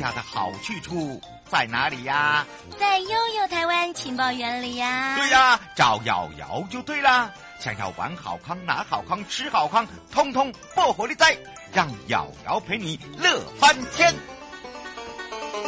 家的好去處在哪裡呀？在悠悠台灣情報園裡呀。對呀、啊，找 YOYO 就對啦。想要玩好康、拿好康、吃好康，通通破火力哉！讓 YOYO 陪你樂翻天。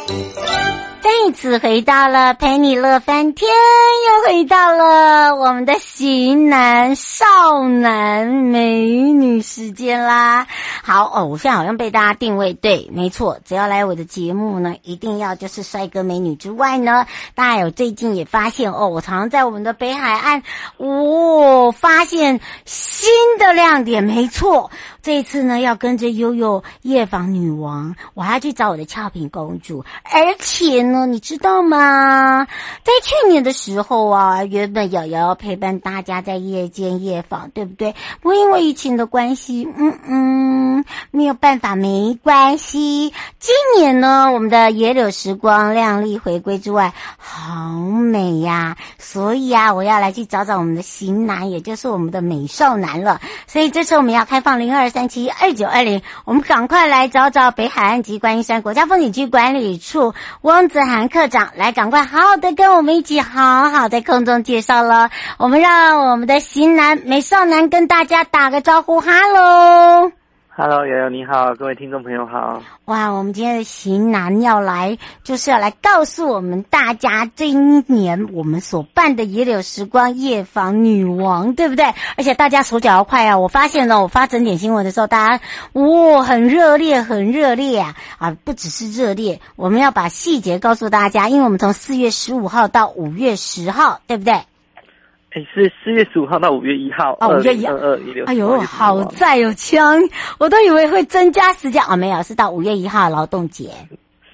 嗯再一次回到了陪你樂翻天，又回到了我們的型男、少男、美女時間啦！好，哦，我現在好像被大家定位對，沒錯，只要來我的節目呢，一定要就是帥哥美女之外呢，大家有最近也發現哦，我常常在我們的北海岸，哦，發現新的亮點，沒錯。這次呢，要跟着悠悠夜訪女王，我還要去找我的俏皮公主。而且呢，你知道嗎？在去年的時候啊，原本瑤瑤陪伴大家在夜間夜訪，對不對？不因為疫情的關係，嗯嗯，沒有辦法，沒關係。今年呢，我們的野柳時光亮麗回歸之外，好美呀！所以啊，我要來去找找我們的型男，也就是我們的美少男了。所以這次我們要開放零二、三七二九二零，我們趕快來找找北海岸及觀音山國家風景區管理處翁子涵課長，來趕快好好的跟我們一起好好在空中介紹了。我們讓我們的型男美少男跟大家打個招呼，哈嘍。哈嘍，l l 瑤瑤你好，各位聽眾朋友好。哇，我們今天的型男要來，就是要來告訴我們大家，今年我們所辦的野柳時光夜訪女王，對不對？而且大家手腳要快啊！我發現了，我發整點新聞的時候，大家哇、哦，很熱烈，很熱烈啊！啊，不只是熱烈，我們要把細節告訴大家，因為我們從四月十五號到五月十號，對不對？哎，是四月十五號到五月一號，二二二一六，哎呦，好在有槍，我都以為會增加時間，哦，沒有，是到五月一號勞動節。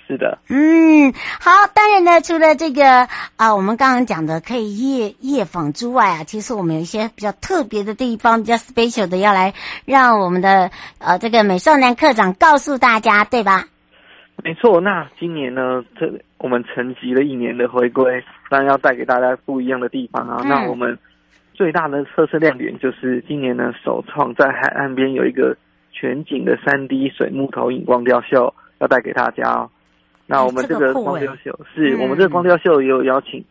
是的，嗯，好，當然呢，除了這個啊、呃，我們剛剛講的可以夜夜訪之外啊，其實我們有一些比較特別的地方，比較 special 的，要來讓我們的呃這個美少男課長告訴大家，對吧？沒錯，那今年呢，這我們沉寂了一年的回歸，當然要帶給大家不一樣的地方啊。嗯、那我們最大的特色亮點就是今年呢，首創在海岸邊有一個全景的三 D 水幕投影光雕秀，要帶給大家哦。那我們這個光雕秀是我們這個光雕秀也有邀請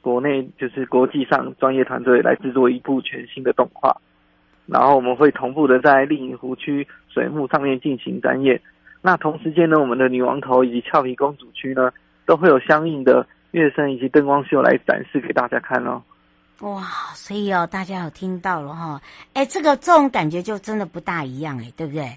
國內就是國際上專業團隊來製作一部全新的動畫，然後我們會同步的在麗影湖區水幕上面進行展演。那同時間呢，我們的女王頭以及俏皮公主區呢，都會有相應的樂聲以及燈光秀來展示給大家看哦。哇，所以哦，大家有聽到了哈、哦？哎、欸，這個這種感覺就真的不大一樣哎，對不對？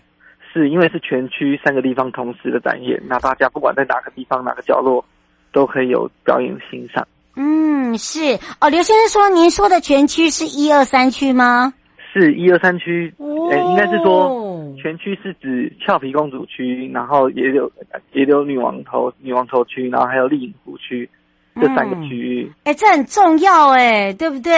是，因為是全區三個地方同時的展演，那大家不管在哪個地方哪個角落，都可以有表演的欣賞。嗯，是哦。劉先生說，您說的全區是一二三區嗎？是一二三區，哎、欸、應該是說全區是指俏皮公主區，然後也有也有女王頭女王頭區，然後還有麗影湖區這三個區域。哎、嗯欸，這很重要哎、欸，對不對？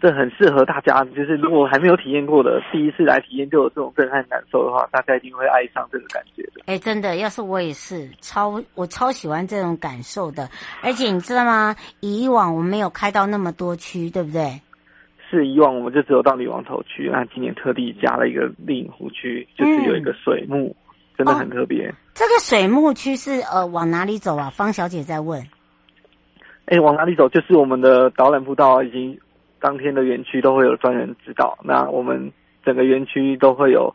這很適合大家，就是如果還沒有體驗過的，第一次來體驗就有這種震撼感受的話，大家一定會愛上這個感覺的。哎、欸，真的，要是我也是超我超喜歡這種感受的。而且你知道嗎？以往我沒有開到那麼多區，對不對？是以往我們就只有到女王頭區，那今年特地加了一個令湖區，就是有一個水幕，嗯、真的很特別。哦、這個水幕區是呃往哪裡走啊？方小姐在問。哎、欸，往哪裡走？就是我們的導覽步道已經，當天的園區都會有專人指導。那我們整個園區都會有，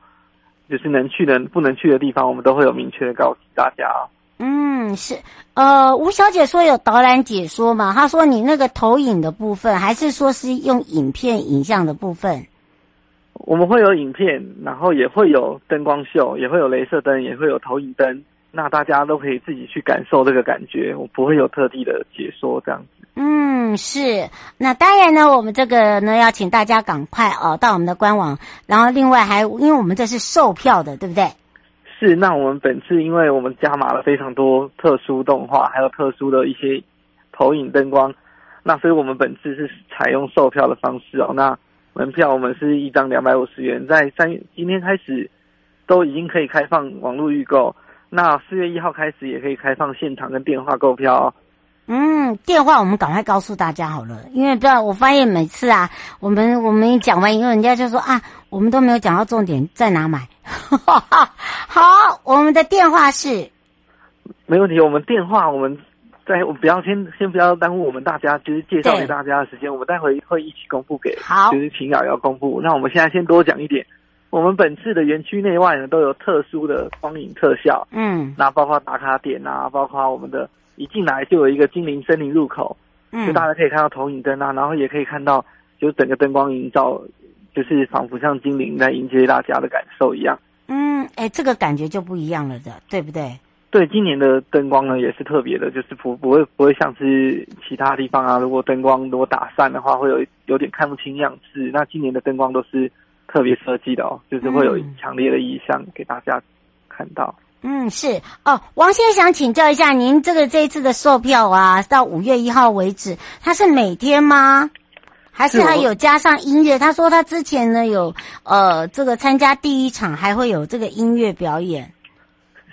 就是能去的、不能去的地方，我們都會有明確的告訴大家。嗯，是，呃，吳小姐說有導覽解說嘛？她說你那個投影的部分，還是說是用影片影像的部分？我們會有影片，然後也會有燈光秀，也會有鐳射燈，也會有投影燈，那大家都可以自己去感受這個感覺，我不會有特地的解說這樣子。嗯，是，那當然呢，我們這個呢要請大家趕快哦，呃，到我們的官網，然後另外還，因為我們這是售票的，對不對？是，那我們本次因為我們加碼了非常多特殊動畫，還有特殊的一些投影燈光，那所以我們本次是採用售票的方式哦。那門票我們是一張兩百五十元，在三月今天開始都已經可以開放網絡預購，那四月一號開始也可以開放現場跟電話購票哦。嗯，電話我們趕快告訴大家好了，因為不要，我發現每次啊，我們我們一講完以後，人家就說啊，我們都沒有講到重點，在哪買？哈哈哈。好，我們的電話是。沒問題，我們電話我們在，在我不要先先不要耽誤我們大家，就是介紹給大家的時間，對我們待會會一起公布給，好。就是請稿要公布。那我們現在先多講一點，我們本次的園區內外呢，都有特殊的光影特效，嗯，那包括打卡點啊，包括我們的。一進來就有一個精靈森林入口，嗯，就大家可以看到投影燈啊，然後也可以看到，就是整個燈光營造，就是仿佛像精靈在迎接大家的感受一樣。嗯，哎、欸，這個感覺就不一樣了的，對不對？對，今年的燈光呢也是特別的，就是不不會不會像是其他地方啊。如果燈光如果打散的話，會有有點看不清樣子。那今年的燈光都是特別設計的哦，就是會有強烈的意象給大家看到。嗯。嗯，是哦，王先生，想請教一下，您這個這一次的售票啊，到五月一號為止，它是每天嗎？還是還有加上音樂？是我 他說他之前呢有呃，這個參加第一場還會有這個音樂表演，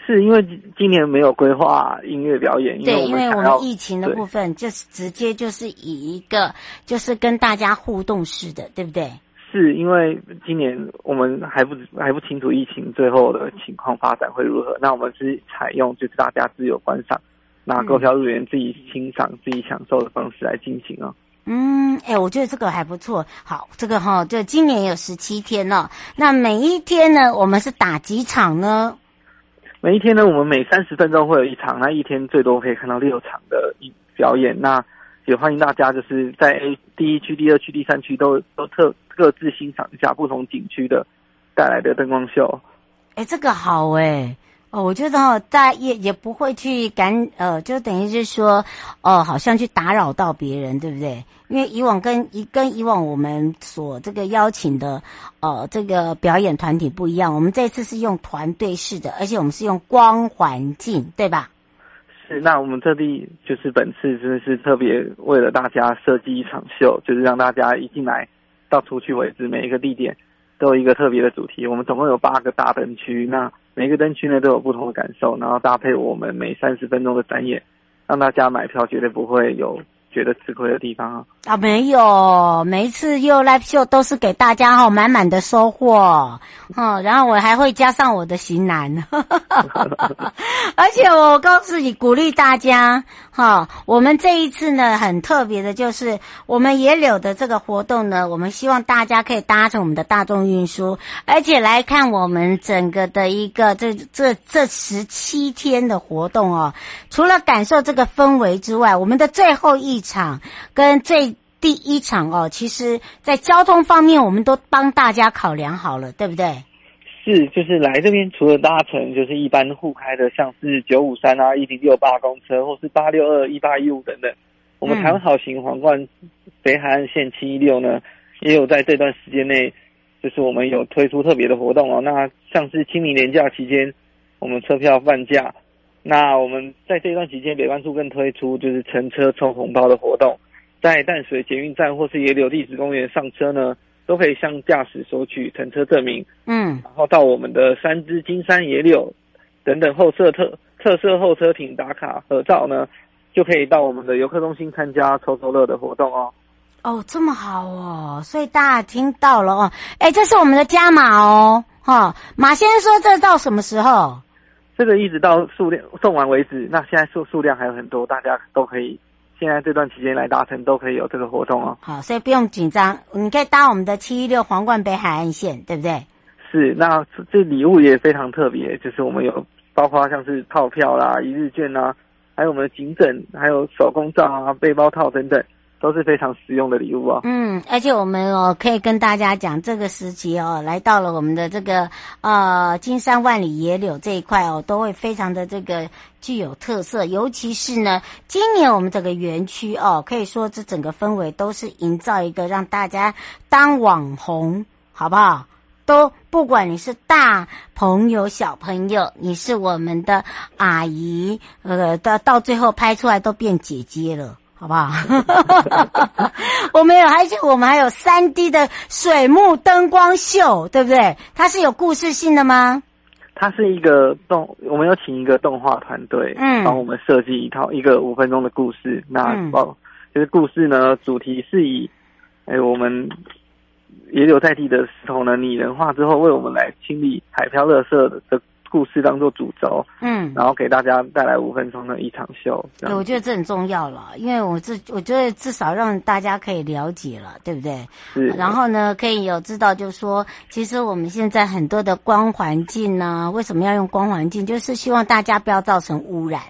是因為今年沒有規劃音樂表演，對，因為我們疫情的部分就是直接就是以一個就是跟大家互動式的，對不對？是因為今年我們還不還不清楚疫情最後的情況發展會如何，那我們是採用就是大家自由觀賞，那購票入園自己欣賞自己享受的方式來進行哦。嗯，哎、欸，我覺得這個還不錯。好，這個哈、哦，就今年也有十七天了，哦，那每一天呢，我們是打幾場呢？每一天呢，我們每三十分鐘會有一場，那一天最多可以看到六場的一表演。那也歡迎大家就是在 A 第一區、第二區、第三區都都特。各自欣賞一下不同景區的帶來的燈光秀。哎，這個好哎，哦，我覺得哦，大家也也不會去趕，呃，就等於是說，哦，好像去打擾到別人，對不對？因為以往跟以跟以往我們所這個邀請的呃，這個表演團體不一樣，我們這次是用團隊式的，而且我們是用光環境，對吧？是，那我們特地就是本次真的是特別為了大家設計一場秀，就是讓大家一進來。到出去為止，每一個地點都有一個特別的主題。我們總共有八個大燈區，那每一個燈區呢都有不同的感受，然後搭配我們每三十分鐘的展演，讓大家買票絕對不會有覺得吃虧的地方啊。啊，沒有，每一次又 live show 都是給大家哈、哦、滿滿的收穫，哈、哦，然後我還會加上我的型男哈哈哈哈，而且我告訴你，鼓勵大家哈、哦，我們這一次呢很特別的，就是我們野柳的這個活動呢，我們希望大家可以搭乘我們的大眾運輸，而且來看我們整個的一個這這這十七天的活動哦，除了感受這個氛圍之外，我們的最後一場跟最第一場哦，其實在交通方面，我們都幫大家考量好了，對不對？是，就是來這邊除了搭乘就是一般互開的，像是九五三啊、一零六八公車，或是八六二、一八一五等等。我們台灣好行皇冠北海岸線七一六呢，嗯、也有在這段時間內，就是我們有推出特別的活動哦。那像是清明連假期間，我們車票半價。那我們在這段期間，北觀處更推出就是乘車抽紅包的活動。在淡水捷運站或是野柳地質公園上車呢，都可以向駕駛索取乘車證明，嗯，然後到我們的三芝、金山、野柳等等候車特特色候車亭打卡合照呢，就可以到我們的遊客中心參加抽抽樂的活動哦。哦，這麼好哦，所以大家聽到了哦。哎，這是我們的加碼哦，哈、哦，馬先生說這到什麼時候？這個一直到數量送完為止。那現在數數量還有很多，大家都可以。現在這段期間來搭乘都可以有這個活動哦、啊。好，所以不用緊張，你可以搭我們的七一六皇冠北海岸線，對不對？是，那這禮物也非常特別，就是我們有包括像是套票啦、一日券啦，還有我們的頸枕，還有手工皂啊、嗯、背包套等等。都是非常實用的禮物哦。嗯，而且我們哦可以跟大家講，這個時節哦來到了我們的這個呃“金山萬里野柳”這一塊哦，都會非常的這個具有特色。尤其是呢，今年我們整個園區哦，可以說這整個氛圍都是營造一個讓大家當網紅，好不好？都不管你是大朋友、小朋友，你是我們的阿姨，呃，到到最後拍出來都變姐姐了。好不好？ 我們有，而且我們還有三 D 的水幕燈光秀，對不對？它是有故事性的嗎？它是一個動，我們有請一個動畫團隊，嗯，幫我們設計一套一個五分鐘的故事。嗯、那包就是故事呢，主題是以，哎，我們也有在地的石頭呢，擬人化之後，為我們來清理海漂垃圾的。故事當做主軸，嗯，然後給大家帶來五分鐘的一場秀。對，我覺得這很重要了，因為我至我覺得至少讓大家可以了解了，對不對？是然後呢，可以有知道，就是說，其實我們現在很多的光環境呢、啊，為什麼要用光環境？就是希望大家不要造成污染，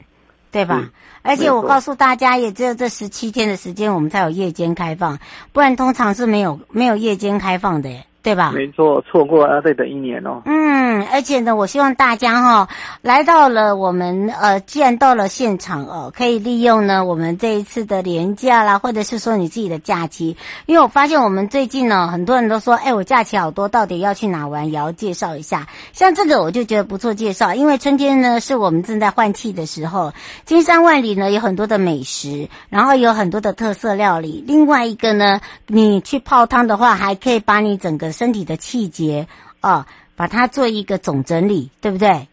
對吧？嗯，而且我告訴大家，也只有這十七天的時間，我們才有夜間開放，不然通常是沒有沒有夜間開放的。對吧？沒錯，錯過啊，得等一年哦。嗯，而且呢，我希望大家哈、哦，來到了我們呃，既然到了現場哦，可以利用呢我們這一次的年假啦，或者是說你自己的假期，因為我發現我們最近呢，很多人都說，哎，我假期好多，到底要去哪玩？也要介紹一下。像這個我就覺得不錯，介紹，因為春天呢是我們正在換季的時候，金山萬里呢有很多的美食，然後有很多的特色料理。另外一個呢，你去泡湯的話，還可以把你整個。身體的氣節啊、哦，把它做一個總整理，對不對？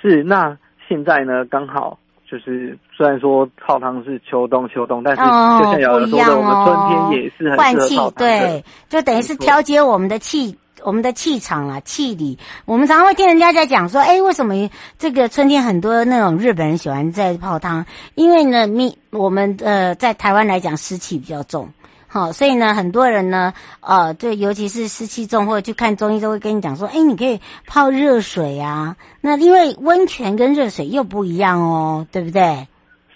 是，那現在呢，剛好就是雖然說泡湯是秋冬秋冬，但是就像有人說、哦哦、我們春天也是很換氣，對，就等於是調節我們的氣，我們的氣場啊，氣力。我們常會聽人家在講說，哎，為什麼這個春天很多那種日本人喜歡在泡湯？因為呢，你我們呃，在台灣來講，濕氣比較重。哦，所以呢，很多人呢，呃，對，尤其是濕氣重，或者去看中醫都會跟你講說，哎、欸，你可以泡熱水啊。那因為溫泉跟熱水又不一樣哦，對不對？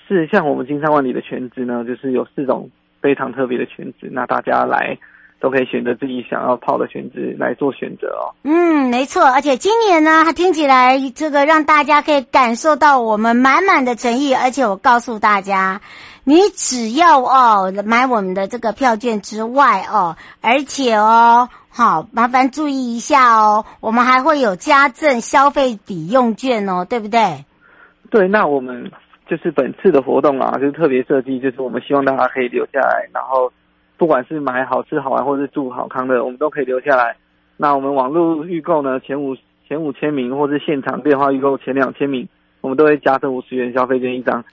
是，像我們金山萬里的泉質呢，就是有四種非常特別的泉質，那大家來都可以選擇自己想要泡的泉質來做選擇哦。嗯，沒錯，而且今年呢，它聽起來這個讓大家可以感受到我們滿滿的誠意，而且我告訴大家。你只要哦買我們的這個票券之外哦，而且哦好麻煩注意一下哦，我們還會有加贈消費抵用券哦，對不對？對，那我們就是本次的活動啊，就是特別設計，就是我們希望大家可以留下來，然後不管是買好吃好玩，或者是住好康的，我們都可以留下來。那我們網絡預購呢，前五前五千名，或是現場電話預購前兩千名，我們都會加贈五十元消費券一張。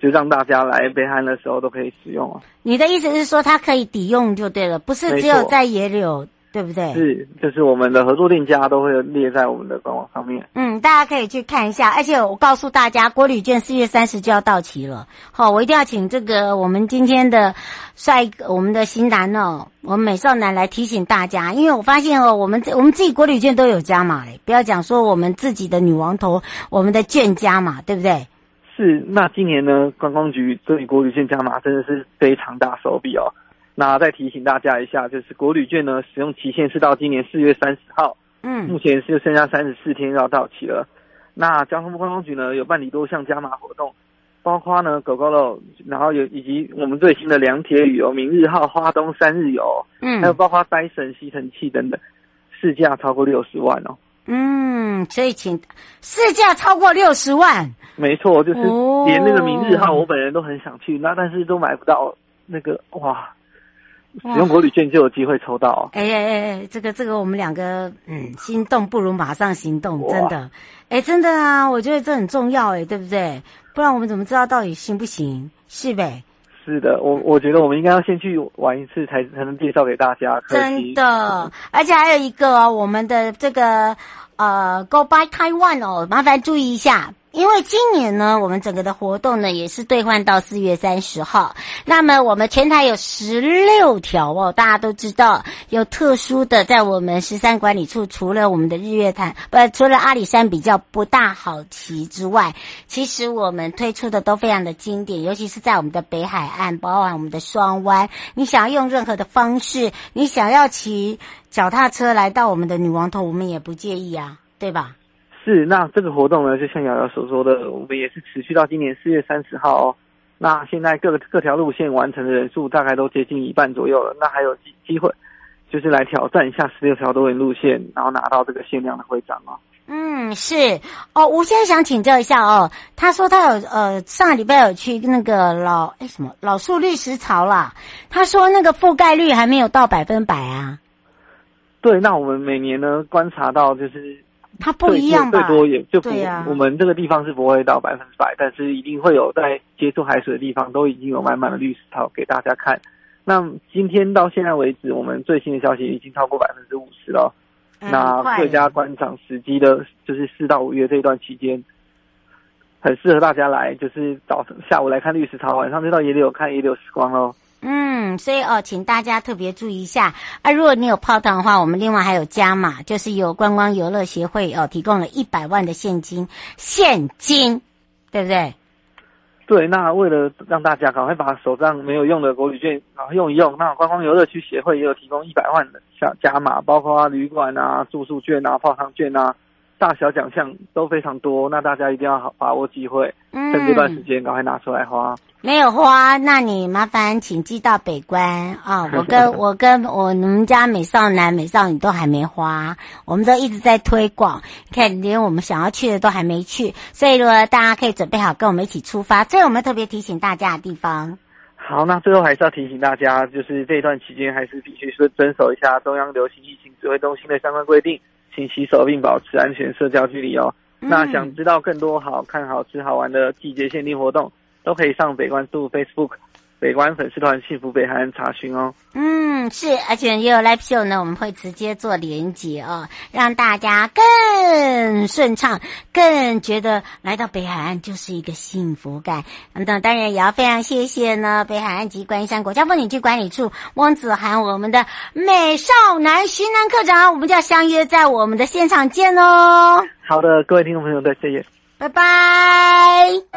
就讓大家來北海岸的時候都可以使用哦、啊。你的意思是說它可以抵用就對了，不是只有在野柳，錯對不對？是，就是我們的合作店家都會列在我們的官網上面。嗯，大家可以去看一下。而且我告訴大家，國旅券四月三十就要到期了。好，哦，我一定要請這個我們今天的帥哥，我們的型男哦，我們美少男來提醒大家，因為我發現哦，我們我們自己國旅券都有加碼嘞，不要講說我們自己的女王頭，我們的券加碼，對不對？是，那今年呢，觀光局對國旅券加碼真的是非常大手筆哦。那再提醒大家一下，就是國旅券呢，使用期限是到今年四月三十號，嗯，目前是剩下三十四天要到期了。那交通部觀光局呢，有辦理多項加碼活動，包括呢狗狗肉然後有以及我們最新的兩鐵旅遊、哦、鳴日號、花東三日遊，嗯，還有包括 Dyson 吸塵器等等，市價超過六十萬哦。嗯，所以請市價超過六十萬，沒錯，就是連那個明日號，我本人都很想去，那但是都買不到，那個哇，哇使用國旅券就有機會抽到。哎哎哎，這個這個，我們兩個嗯，心動不如馬上行動，真的，哎哇、欸、真的啊，我覺得這很重要、欸，哎，對不對？不然我們怎麼知道到底行不行？是唄。是的，我我覺得我們應該要先去玩一次，才才能介紹給大家。真的，嗯、而且還有一個哦，我們的這個呃，Go by Taiwan 哦，麻煩注意一下。因為今年呢，我們整個的活動呢也是兌換到四月三十號。那麼我們全台有十六條哦，大家都知道有特殊的在我們十三管理處，除了我們的日月潭不，除了阿里山比較不大好騎之外，其實我們推出的都非常的經典，尤其是在我們的北海岸，包含我們的雙灣。你想要用任何的方式，你想要騎腳踏車來到我們的女王頭，我們也不介意啊，對吧？是，那這個活動呢，就像瑤瑤所說的，我們也是持續到今年四月三十號哦。那現在各各條路線完成的人數大概都接近一半左右了。那還有機機會，就是來挑戰一下十六條多元路線，然後拿到這個限量的徽章哦。嗯，是哦。我現在想請教一下哦，他說他有呃上禮拜有去那個老哎、欸、什麼老樹綠石槽啦，他說那個覆蓋率還沒有到百分百啊。對，那我們每年呢觀察到就是。它不一樣，最多也就不對、啊、我們這個地方是不會到百分之百，但是一定會有在接觸海水的地方都已經有滿滿的綠石槽給大家看。那今天到現在為止，我們最新的消息已經超過百分之五十了。嗯、那最佳觀賞時機的就是四到五月這一段期間，很適合大家來，就是早上下午來看綠石槽，晚上就到野柳看野柳時光嘍。嗯，所以哦，請大家特別注意一下啊！如果你有泡湯的話，我們另外還有加碼，就是由觀光遊樂協會哦提供了一百萬的現金，現金，對不對？對，那為了讓大家趕快把手上沒有用的國旅券啊用一用，那觀光遊樂區協會也有提供一百萬的小加碼，包括啊旅館啊住宿券啊泡湯券啊。大小獎項都非常多，那大家一定要好把握機會，嗯，在這段時間趕快拿出來花。沒有花，那你麻煩請寄到北觀啊！哦、是我跟是我跟我，我們家美少男、美少女都還沒花，我們都一直在推廣，看連我們想要去的都還沒去。所以，如果大家可以準備好跟我們一起出發，這是我們特別提醒大家的地方。好，那最後還是要提醒大家，就是這一段期間還是必須是遵守一下中央流行疫情指揮中心的相關規定。請洗手並保持安全社交距離哦。嗯。那想知道更多好看、好吃、好玩的季節限定活動，都可以上北關注 Facebook。北關粉絲團幸福北海岸查詢哦。嗯，是，而且也有 live show 呢，我們會直接做連接哦，讓大家更順暢，更覺得來到北海岸就是一個幸福感。那、嗯、當然也要非常謝謝呢，北海岸及觀音山國家風景區管理處翁子涵，我們的美少男徐楠課長，我們就要相約在我們的現場見哦。好的，各位聽眾朋友們，再見拜拜。